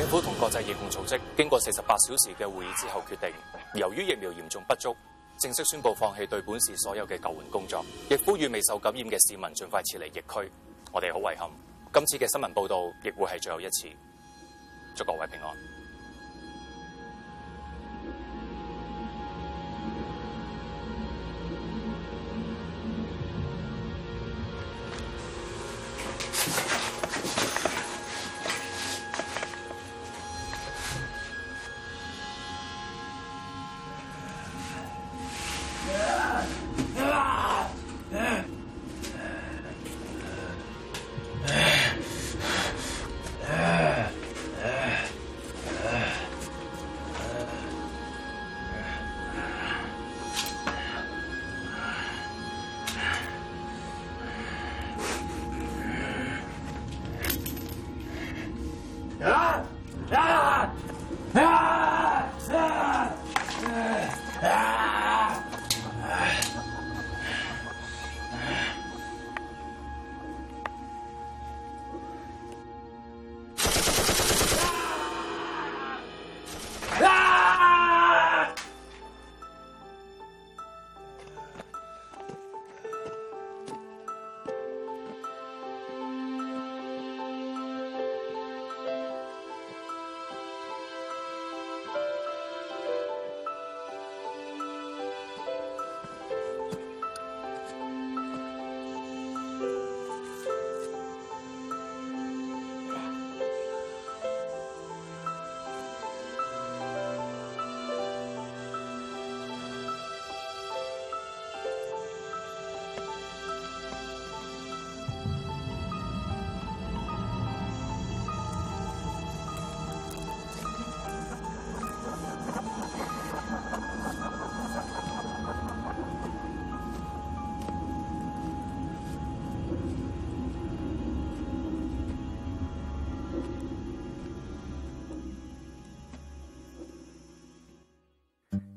政府同國際疫控組織經過四十八小時嘅會議之後，決定由於疫苗嚴重不足，正式宣布放棄對本市所有嘅救援工作，亦呼籲未受感染嘅市民盡快撤離疫區。我哋好遺憾，今次嘅新聞報道亦會係最後一次。祝各位平安。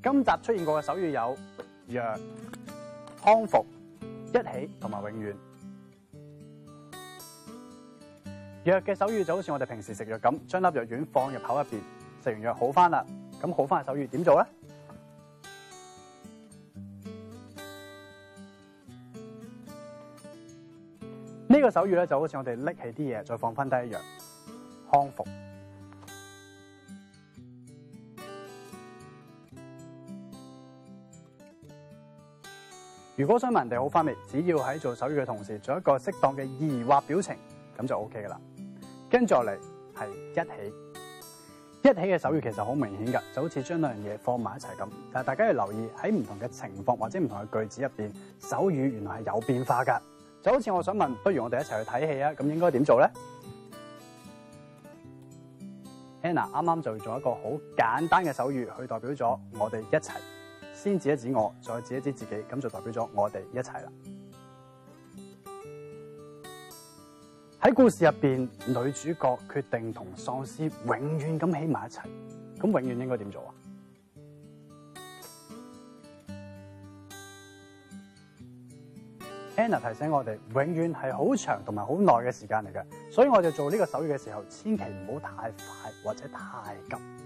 今集出現過嘅手語有：藥、康復、一起同埋永遠。藥嘅手語就好似我哋平時食藥咁，將粒藥丸放入口入邊，食完藥好翻啦。咁好翻嘅手語點做咧？呢個手語咧就好似我哋拎起啲嘢再放翻低一樣，康復。如果想問人哋好發面，只要喺做手語嘅同時，做一個適當嘅疑惑表情，咁就 OK 噶啦。跟住落嚟係一起，一起嘅手語其實好明顯噶，就好似將兩樣嘢放埋一齊咁。但大家要留意喺唔同嘅情況或者唔同嘅句子入面，手語原來係有變化噶。就好似我想問，不如我哋一齊去睇戲啊？咁應該點做咧？Anna 啱啱就做一個好簡單嘅手語，去代表咗我哋一齊。先指一指我，再指一指自己，咁就代表咗我哋一齊啦。喺故事入邊，女主角決定同喪屍永遠咁喺埋一齊，咁永遠應該點做啊？Anna 提醒我哋，永遠係好長同埋好耐嘅時間嚟嘅，所以我哋做呢個手語嘅時候，千祈唔好太快或者太急。